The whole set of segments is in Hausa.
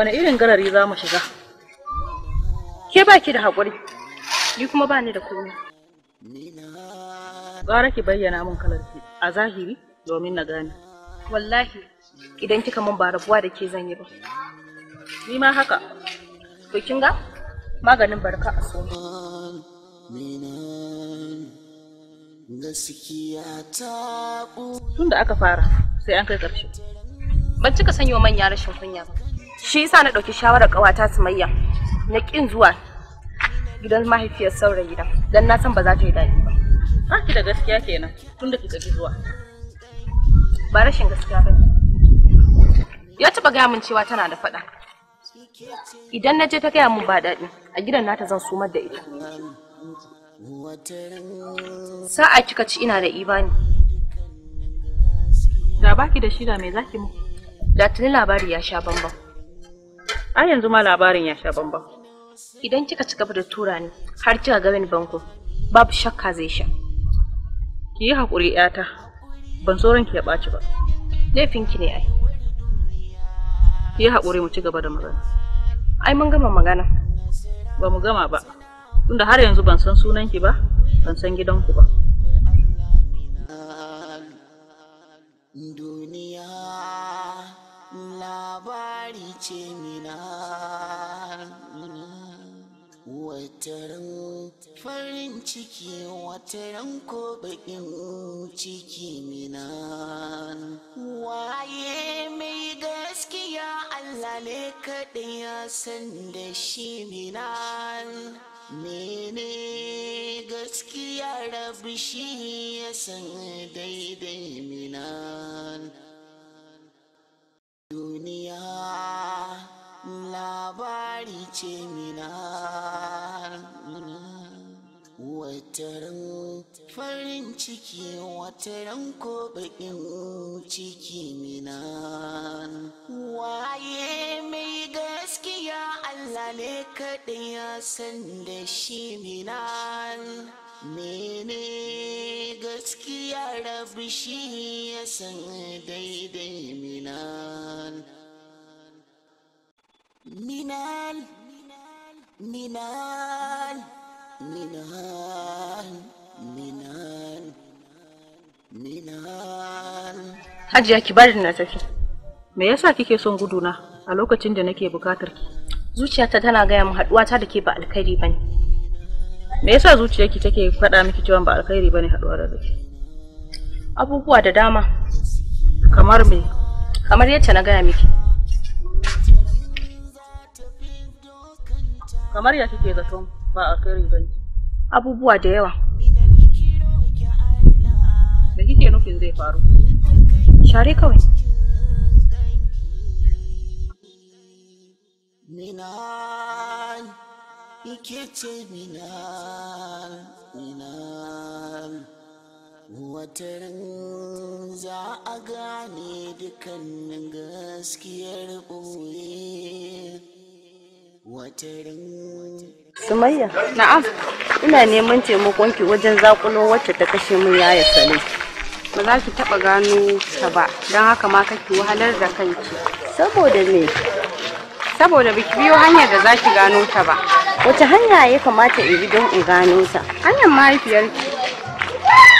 wani irin garari za mu shiga ke ba ki da hakuri? ni kuma ba ni da komi. gara ki bayyana min ki a zahiri domin na gane wallahi idan kika mun ba rabuwa da ke zan yi ba ni ma haka to kin ga maganin barka a sona tun da aka fara sai an kai ƙarshe ban cika sanyo manya rashin kunya ba shi yasa na ɗauki shawarar ƙawata sumayya na kin zuwa gidan mahaifiyar saurayi gidan, dan na san ba za ta yi daɗi ba ba ki da gaskiya kenan tunda kika ki zuwa ba rashin gaskiya ba ya taɓa gaya min cewa tana da faɗa idan na je ta gaya min ba daɗi a gidan nata zan sumar da ita sa'a kika ci ina da ibani da baki da shida mai zaki mu da tuni labari ya sha bambam Har yanzu ma labarin ya sha bamban. Idan kika ci gaba da tura ni har kika ga wani banko, babu shakka zai sha. Ki yi haƙuri ƴata, ban so ranki ya ɓaci ba. Laifinki ne ai. Ki yi haƙuri mu ci gaba da magana. Ai mun gama magana. Ba mu gama ba. Tunda har yanzu ban san sunanki ba, ban san gidanku ba. Do ce mina wataran farin ciki wataran ko bakin ciki mina waye mai gaskiya allah ne kaɗai ya san da shi mina mene gaskiya rabu shi ya san daidai mina duniya labari ce mina wataran farin ciki wataran ko bakin ciki mina waye mai gaskiya allah ne kaɗai ya san da shi mina mene gaskiya rabu shi ya san daidai mina minal minal minal minal minal hajiya ki bari na tafi me yasa kike son guduna a lokacin da nake bukatar ki zuciyata tana gaya min haduwata da ke ba alkhairi bane me yasa zuciyarki take faɗa miki cewa ba alkhairi bane haduwa da kike abubuwa da dama kamar me kamar yadda na gaya miki kamar ya kike zaton ba a kai bane abubuwa da yawa da kike nufin zai faru share kawai Minal, ike ce minal, minal. Watarin za a gane dukkanin gaskiyar ɓoye. Sumayya. Na'am. Ina neman taimakonki wajen zakulo wacce ta kashe min yaya sale. Ba za ki taba gano ta ba, don haka ma kake wahalar da kanki. Saboda me? Saboda biki biyo hanyar da za ki gano ta ba. Wace hanya ya kamata in bi don in gano ta? Hanyar mahaifiyarki.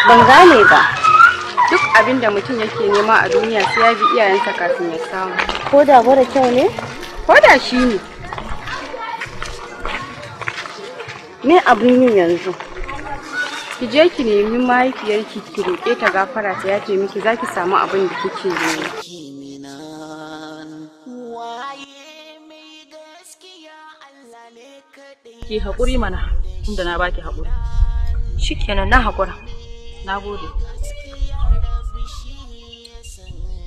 Ban gane ba. Duk abin da mutum yake nema a duniya sai ya bi iyayensa kafin ya samu. Ko da bara kyau ne? Ko da shi ne. me abin yin yanzu ki je ki nemi mahaifiyarki ki roƙe ta gafara ta yace miki zaki samu abin da kike nema ki haƙuri mana tunda na baki haƙuri shikenan na haƙura na gode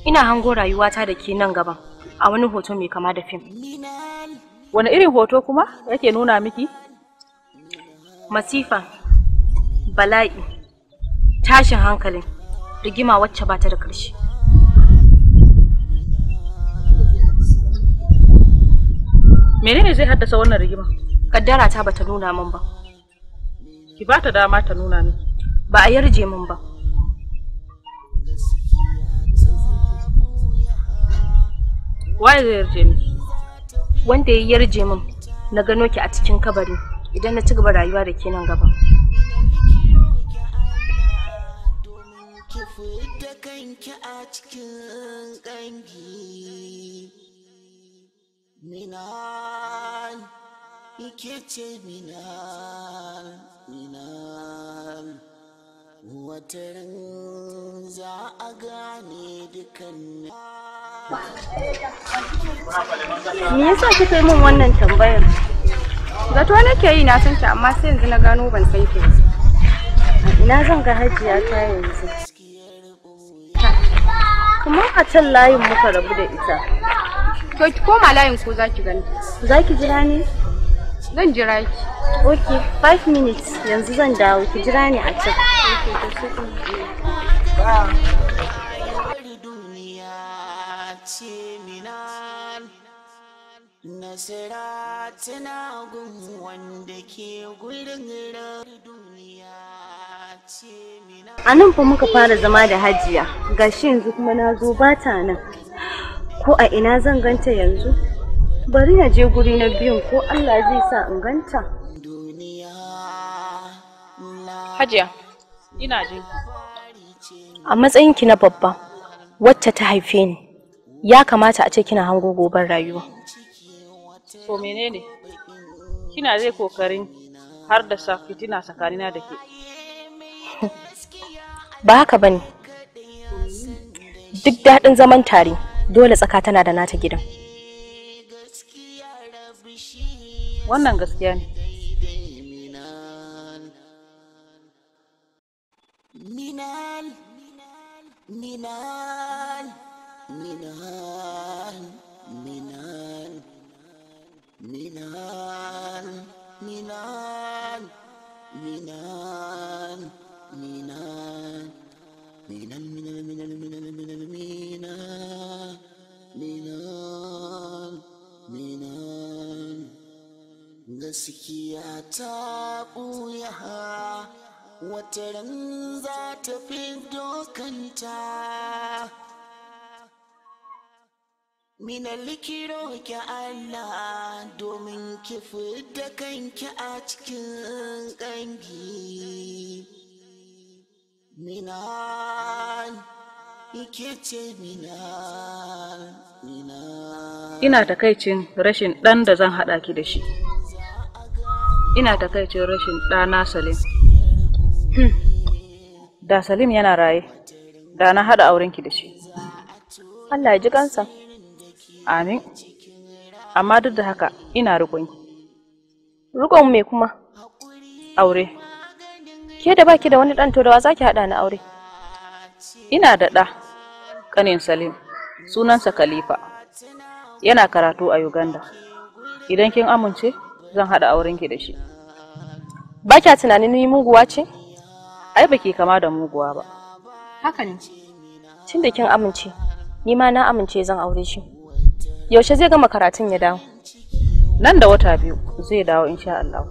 ina hango rayuwata da ke nan gaban a wani hoto mai kama da fim wani irin hoto kuma yake nuna miki masifa bala'i tashin hankalin rigima wacce ba ta da ƙarshe menene zai haddasa wannan rigima kaddara ta bata nuna min ba ki bata dama ta nuna min ba a yarje min ba waye zai yarje min wanda ya yarje min na gano ki a cikin kabari idan na ci gaba rayuwa da ke nan gaba. Minan, ike ce minan, minan. Watarin za a gane dukan Me yasa kika yi min wannan tambayar? zato nake yi na san ki amma sai yanzu na gano ban san ki ina zan ga hajiya ta yanzu kamar a can layin muka rabu da ita to ki koma layin ko za ki gani za ki jira ne zan jira ki ok 5 minutes yanzu zan dawo ki jira ne a can tana gun wanda ke A nan fa muka fara zama da hajiya, Ga shi yanzu kuma na zo ba ta nan. Ko a ina zan ganta yanzu? Bari na je guri na biyun ko Allah zai sa in ganta. Hajiya, ina je. A matsayinki na babba, wacce ta haife ni, ya kamata a ce kina hango gobar rayuwa. To menene? Kina zai kokarin har da sa fitina tsakanina da ke. Ba haka bane. Duk daɗin zaman tare dole tsaka tana da nata gidan. Wannan gaskiya ne. Minal, minal, minal, minal. Minan, Minan, Minan, Minan, Minan, Minan, Minan, Minan, Minan, Minan, Minan, Minan. Gaskiya ta ɓuya wata ran za ta fi dokanta. Mina likiro ki Allah domin ki da kanki a cikin ƙangi. Mina ike ce mina, mina. Ina takaicin rashin ɗan da zan haɗa ki da shi. Ina takaicin rashin ɗana Salim. Hmm. Da Salim yana raye, da na haɗa aurenki da shi. Allah ya ji kansa. Amin. Amma duk da haka ina riƙon Rukun me kuma? Aure. Ke da baki da wani ɗan to da wa zaki haɗa ni aure? Ina da ɗa, kanin Salim, sunansa Khalifa. Yana karatu a Uganda. Idan kin amince, zan haɗa aurenki da shi. Ba kya tunanin ni muguwa ce? Ai baki kama da muguwa ba. Haka ne. Tunda kin amince, ni ma na amince zan aure shi. yaushe zai gama karatun ya dawo nan da wata biyu zai dawo insha Allah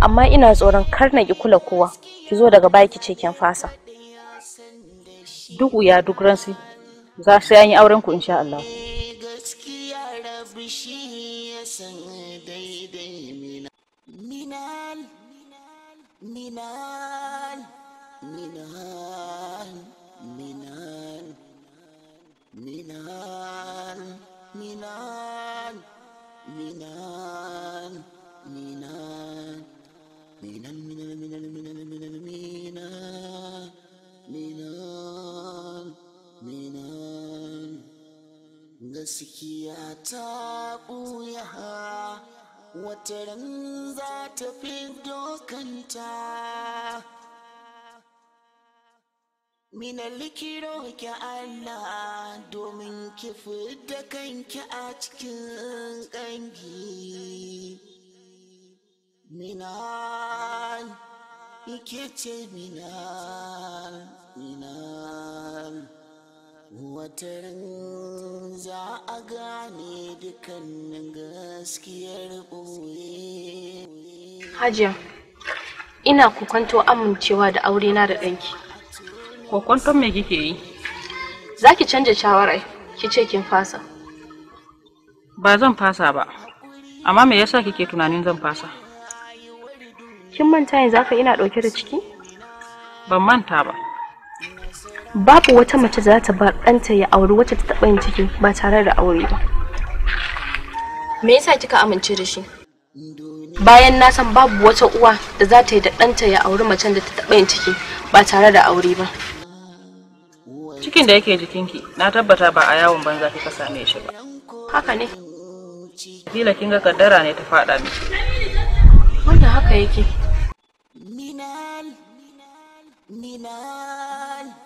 amma ina tsoron kar na ki kula kowa ki zo daga baya ki ce kin fasa duk wuya duk ransi za su yi auren ku insha Allah Minal, minal, minal. gaskiya ta ɓuya wataran za ta fi dokanta minan likiro ki Allah domin ki da kanki a cikin ƙangi. Minan, ike ce minan, minan. wataran za a gane dukkanin gaskiyar ɓoye hajiya ina kukwanto amincewa da aurena da ɗanki kwakwanton me kike yi za ki canja shawarai, ki ce kin fasa ba zan fasa ba amma me yasa kike tunanin zan fasa kin manta yanzu haka ina ɗauke da ciki ban manta ba babu wata mace za ta bar ɗanta ya auri wacce ta taɓa yin ciki ba tare da aure ba me yasa kika amince da shi bayan na san babu wata uwa da za ta yi da ɗanta ya auri macen da ta taɓa yin ciki ba tare da aure ba cikin da yake jikinki na tabbata ba a yawon banza kika same shi ba haka ne kila kin ga kaddara ne ta faɗa miki Wanda haka yake Minal, minal, minal.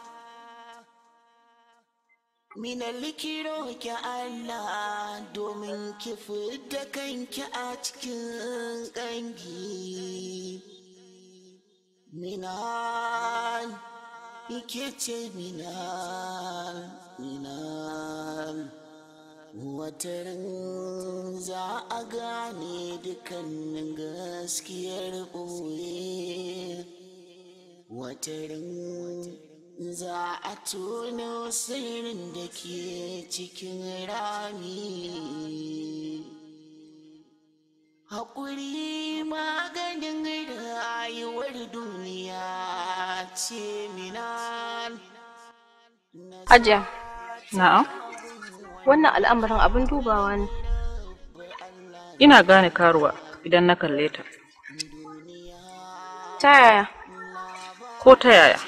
likiro ki Allah domin ki fita kanki a cikin ƙangi. Minan, ike ce minan, minan. wata za a gane dukkanin gaskiyar ɓoye. Watarin za a tono sirrin da ke cikin rami Haƙuri maganin rayuwar duniya ce minan. Ajiya, na'am, wannan al'amarin abin dubawa ne. Ina gane karuwa idan na kalle ta. Ta yaya? Ko ta yaya?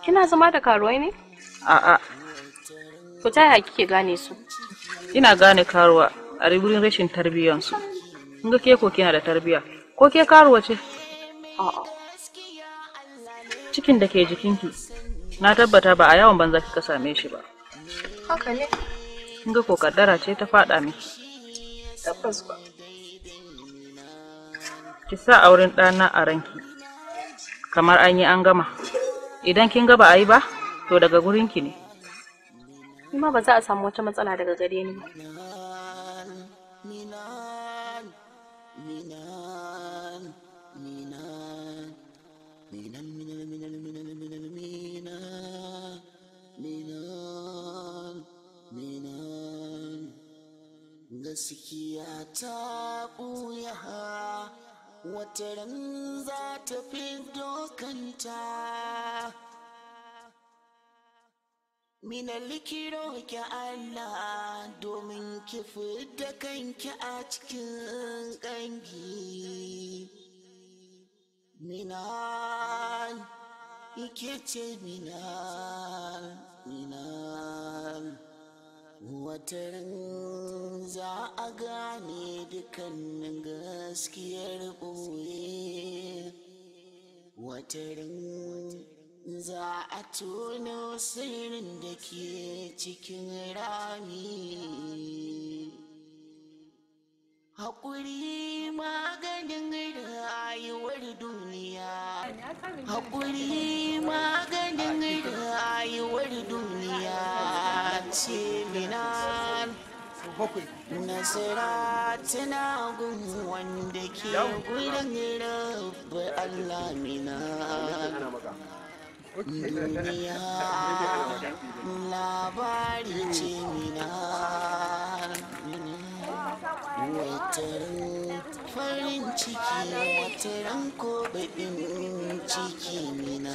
Kina zama da karuwai ne? A'a. Ku ta yaya kike gane su? Ina gane karuwa a wurin rashin tarbiyyansu. Kun ga ke ko kina da tarbiyya. Ko ke karuwa ce? A'a. Cikin da ke jikinki na tabbata ba a yawan banza kika same shi ba. Haka ne. Kun ga ko kaddara ce ta faɗa miki. Tabbas ba. Ki sa auren ɗana a ranki. Kamar an yi an gama. idan kin ga ba a yi ba to daga gurinki ne kuma ba za a samu wata matsala daga gare ni gaskiya ta ɓuya ran za ta fi dokanta Mina likiro ki Allah domin ki da kanki a cikin ƙangi. Mina, ike ce mina, mina. watan za a gane dukkanin gaskiyar ɓoye watan za a tono sirrin da ke cikin rami haƙuri maganin rayuwar duniya haƙuri maganin rayuwar duniya cibina nasira tana gun wanda ke gudun rabu alamina duniya labari ce mina wataran farin ciki wataran ko baɗin ciki mina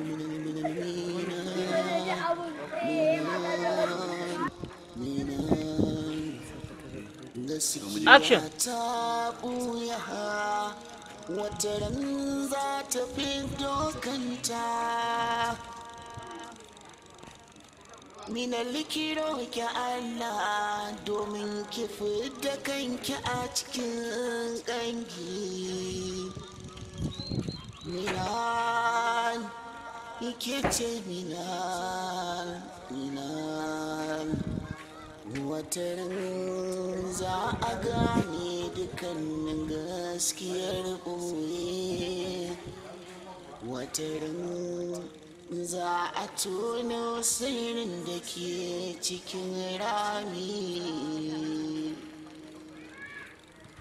action wataran za ta Allah domin ki fita kanki a cikin ƙangi minan ike ce minan wata rin za a gane dukkanin gaskiyar ɓoye watarin za a tono sirrin da ke cikin rami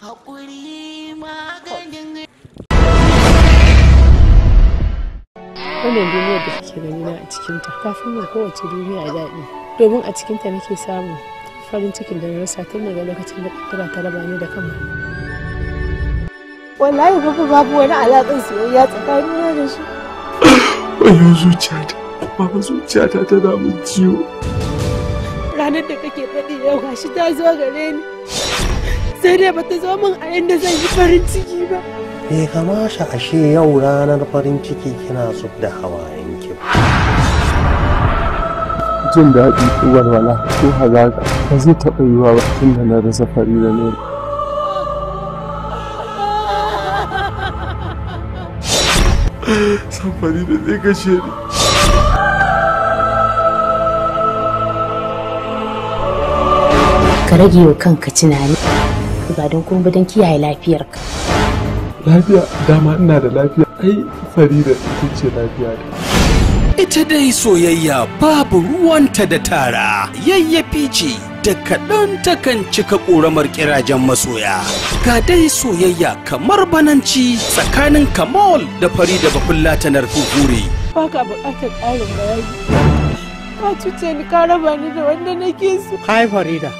haƙuri maganin wannan duniyar da kake gani na a cikinta ta fi kowace duniya daɗi domin a cikinta nake samu farin cikin da na rasa tun daga lokacin da kuma ta raba ni da kanmu wallahi babu babu wani alaƙar soyayya tsakanina da shi wayo zuciyata babu zuciyata ta damun ciwo ranar da kake faɗi yau gashi ta zo gare ni sai dai bata zo min a yanda zan yi farin ciki ba bai kamata ashe yau ranar farin ciki kina zub da hawaye jin daɗi ko walwala ko hazaƙa ba zai taɓa yiwa ba tun da na rasa fari da nuna. San da zai kashe ni. Ka rage wa kanka tunani ba don kuma don kiyaye lafiyarka. Lafiya dama ina da lafiya ai fari da ita ce lafiya ta. ita dai soyayya babu ruwanta da tara yayyafi ce da kaɗan takan cika ƙoramar ƙirajen masoya ga dai soyayya kamar bananci tsakanin kamal da fari da bakulla ta narfufure ba ka buƙatar ƙarin bayani ka cuce ni ka raba da wanda nake so farida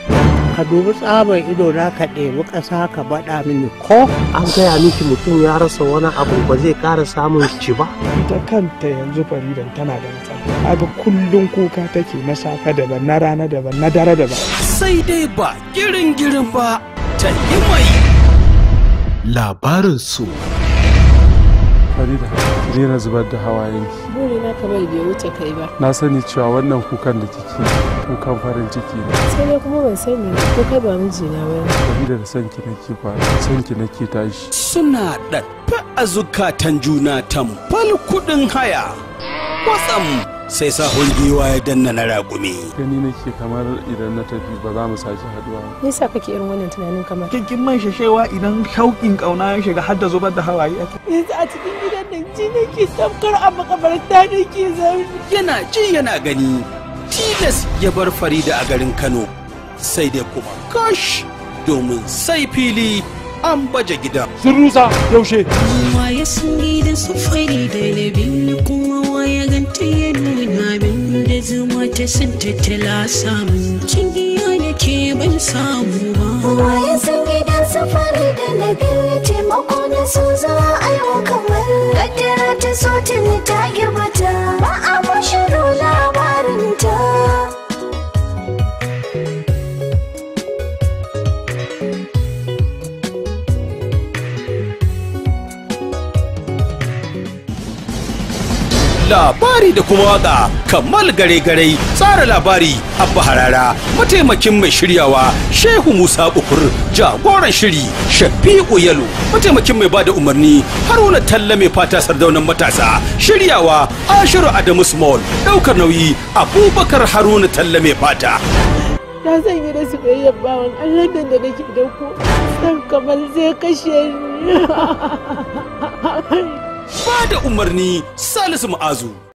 ka dubi tsabar ido na ka ɗebi ƙasa ka baɗa mini ko an gaya miki mutum ya rasa wani abu ba zai ƙara samun ci ba ita kanta yanzu faridan tana da matsala ga kullum kuka take na safe daban na rana daban na dare daban sai dai ba girin girin ba ta yi mai labarin su Farida, ni na zubar da hawayen ki. Burina kamar bai wuce kai ba. Na sani cewa wannan kukan da kike kukan farin ciki ne. Sai dai kuma ban sani ko kai ba na ba. Farida da son ki nake kwana, son ki nake tashi. Suna da a zukatan juna tamfal kudin haya. kwatsam. sai sa hulgiwa ya danna na raƙumi. Gani nake kamar idan na tafi ba za mu sake haduwa. Me yasa kake irin wannan tunanin kamar? Kinkin man shashewa idan shauƙin ƙauna ya shiga har da zubar da hawaye ake. Yanzu a cikin gidan nan ji nake samkar a makabarta nake zai. Yana ji yana gani. Tilas ya bar Farida a garin Kano. Sai dai kuma kash domin sai fili an baje gida. Sun rusa yaushe. kuma ya sun gidan su Farida na biyu ta yi nuna min da zuma ta sun tattala samun kingiya da ke ban samu ba. Kowa ya san gidan safari da na taimako na so za a kamar. Kaddara ta so ta ne ta girbata. Ba a labari da kuma waka kamal gare gare tsara labari abba harara mataimakin mai shiryawa shehu musa bukur jagoran shiri shafi'u yalo mataimakin mai bada umarni haruna talla mai fata sardaunan matasa shiryawa ashiru adamu small daukar nauyi abubakar haruna talla mai fata Ta zan yi da soyayyar bawan Allah da nake da san kamar zai kashe ni ba da umarni salisu ma'azu